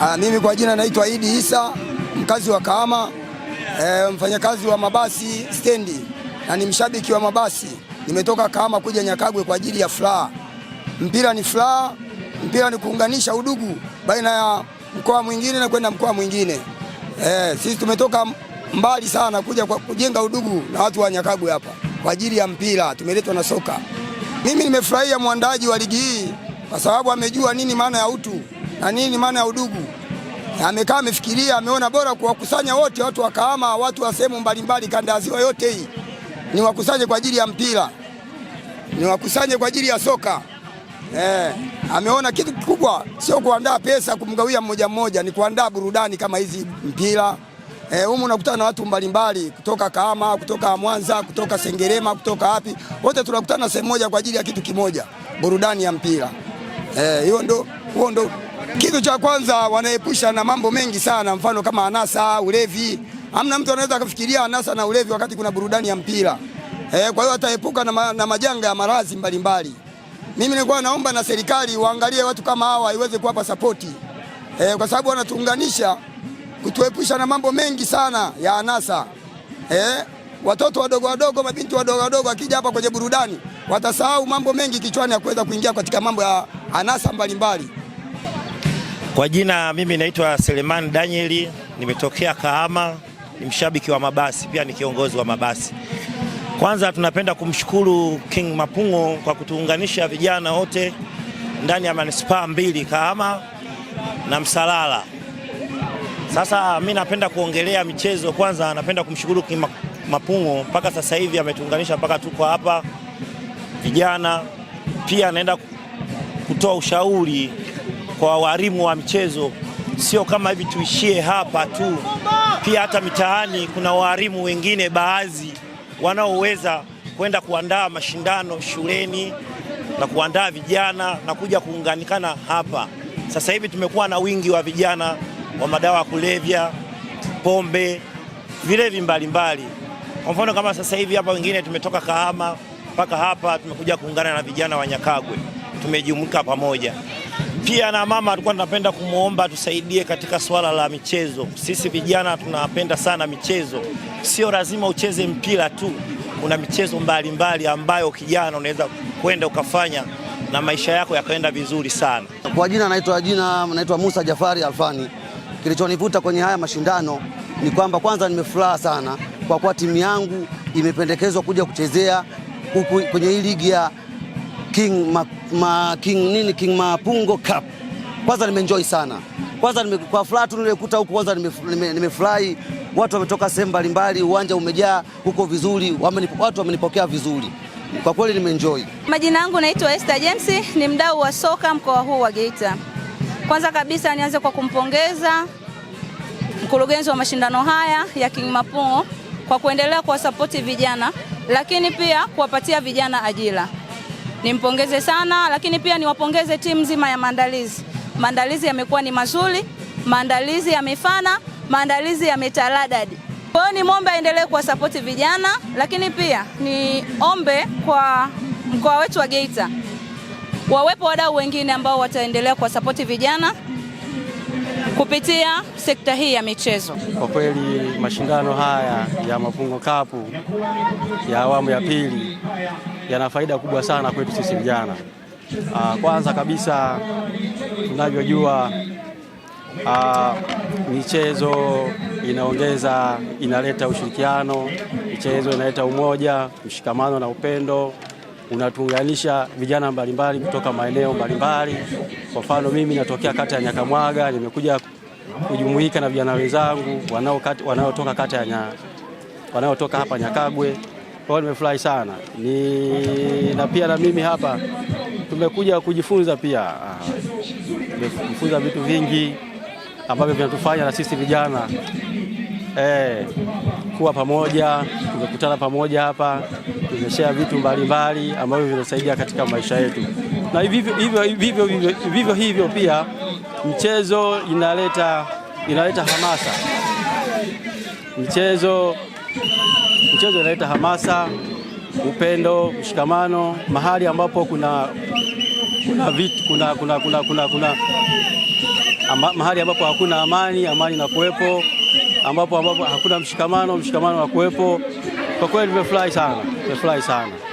Aa, ah, mimi kwa jina naitwa Idi Isa mkazi wa Kahama e, mfanyakazi wa mabasi stendi na ni mshabiki wa mabasi. Nimetoka Kahama kuja Nyakagwe kwa ajili ya furaha. Mpira ni furaha, mpira ni kuunganisha udugu baina ya mkoa mwingine na kwenda mkoa mwingine. E, sisi tumetoka mbali sana kuja kwa kujenga udugu na watu wa Nyakagwe hapa kwa ajili ya mpira, tumeletwa na soka. Mimi nimefurahia mwandaaji wa ligi hii kwa sababu amejua nini maana ya utu na nini maana ya udugu. Amekaa amefikiria, ameona bora kuwakusanya wote watu wa Kahama, watu wa sehemu mbalimbali kanda ya ziwa yote hii, ni wakusanye kwa ajili ya mpira, ni wakusanye kwa ajili ya soka. Eh, ameona kitu kikubwa sio kuandaa pesa kumgawia mmoja mmoja, ni kuandaa burudani kama hizi mpira. Eh, humu unakutana na watu mbalimbali kutoka Kahama, kutoka Mwanza, kutoka Sengerema, kutoka wapi, wote tunakutana sehemu moja kwa ajili ya kitu kimoja, burudani ya mpira. Eh, hiyo ndo huo ndo kitu cha kwanza, wanaepusha na mambo mengi sana, mfano kama anasa, ulevi. Hamna mtu anaweza akafikiria anasa na ulevi wakati kuna burudani ya mpira eh. Kwa hiyo ataepuka na, ma, na majanga ya maradhi mbalimbali. Mimi nilikuwa naomba na serikali waangalie watu kama hawa iweze kuwapa sapoti e, eh, kwa sababu wanatuunganisha kutuepusha na mambo mengi sana ya anasa e, watoto wadogo wadogo, mabinti wadogo wadogo akija hapa kwenye burudani watasahau mambo mengi kichwani ya kuweza kuingia katika mambo ya anasa mbalimbali. Kwa jina mimi naitwa Selemani Danieli, nimetokea Kahama, ni mshabiki wa mabasi, pia ni kiongozi wa mabasi. Kwanza tunapenda kumshukuru King Mapung'o kwa kutuunganisha vijana wote ndani ya manispaa mbili, Kahama na Msalala. Sasa mi napenda kuongelea michezo. Kwanza napenda kumshukuru King Mapung'o, mpaka sasa hivi ametuunganisha mpaka tuko hapa vijana, pia anaenda kutoa ushauri kwa walimu wa michezo, sio kama hivi tuishie hapa tu, pia hata mitaani kuna walimu wengine baadhi wanaoweza kwenda kuandaa mashindano shuleni na kuandaa vijana na kuja kuunganikana hapa. Sasa hivi tumekuwa na wingi wa vijana wa madawa ya kulevya, pombe, vilevi mbalimbali. Kwa mfano kama sasa hivi hapa wengine tumetoka Kahama mpaka hapa tumekuja kuungana na vijana wa Nyakagwe, tumejumuika pamoja. Pia na mama tulikuwa tunapenda kumwomba tusaidie katika swala la michezo. Sisi vijana tunapenda sana michezo, sio lazima ucheze mpira tu, kuna michezo mbalimbali mbali ambayo kijana unaweza kwenda ukafanya na maisha yako yakaenda vizuri sana. Kwa jina naitwa jina naitwa Musa Jafari Alfani. Kilichonivuta kwenye haya mashindano ni kwamba kwanza nimefuraha sana kwa kuwa timu yangu imependekezwa kuja kuchezea kwenye hii ligi ya King, ma, ma, King nini King Mapungo Cup. Kwanza nimeenjoy sana kwanza nime, kwa furaha tu nilikuta huku kwanza nimefurahi nime, nime watu wametoka sehemu mbalimbali, uwanja umejaa huko vizuri, watu wamenipokea vizuri kwa kweli nimeenjoy. Majina yangu naitwa Esther James, ni mdau wa soka mkoa huu wa Geita. Kwanza kabisa nianze kwa kumpongeza mkurugenzi wa mashindano haya ya King Mapungo kwa kuendelea kuwasapoti vijana lakini pia kuwapatia vijana ajira. Nimpongeze sana, lakini pia niwapongeze timu nzima ya maandalizi. Maandalizi yamekuwa ni mazuri, maandalizi yamefana, maandalizi yametaradadi. Kwa hiyo nimwombe aendelee kuwasapoti vijana, lakini pia niombe kwa mkoa wetu wa Geita wawepo wadau wengine ambao wataendelea kuwasapoti vijana kupitia sekta hii ya michezo. Kwa kweli mashindano haya ya mafungo Cup ya awamu ya pili yana faida kubwa sana kwetu sisi vijana. Ah, kwanza kabisa tunavyojua Uh, michezo inaongeza, inaleta ushirikiano. Michezo inaleta umoja, mshikamano na upendo unatuunganisha vijana mbalimbali kutoka maeneo mbalimbali. Kwa mfano, mimi natokea kata ya Nyakamwaga, nimekuja kujumuika na vijana wenzangu wanaotoka kata ya nya, wanaotoka hapa Nyakagwe. Kwa hiyo nimefurahi sana ni, na pia na mimi hapa tumekuja kujifunza pia, ah, tumejifunza vitu vingi ambavyo vinatufanya na sisi vijana eh, kuwa pamoja, tumekutana pamoja hapa, tumeshare vitu mbalimbali ambavyo vinasaidia katika maisha yetu, na vivyo hivyo, hivyo, hivyo, hivyo, hivyo pia mchezo inaleta, inaleta hamasa mchezo mchezo inaleta hamasa, upendo, mshikamano mahali ambapo kuna kuna vitu, kuna, kuna, kuna, kuna, kuna, Ama, mahali ambapo hakuna amani, amani inakuwepo ambapo ambapo hakuna mshikamano, mshikamano wa kuwepo. Kwa kweli nimefurahi sana, nimefurahi sana.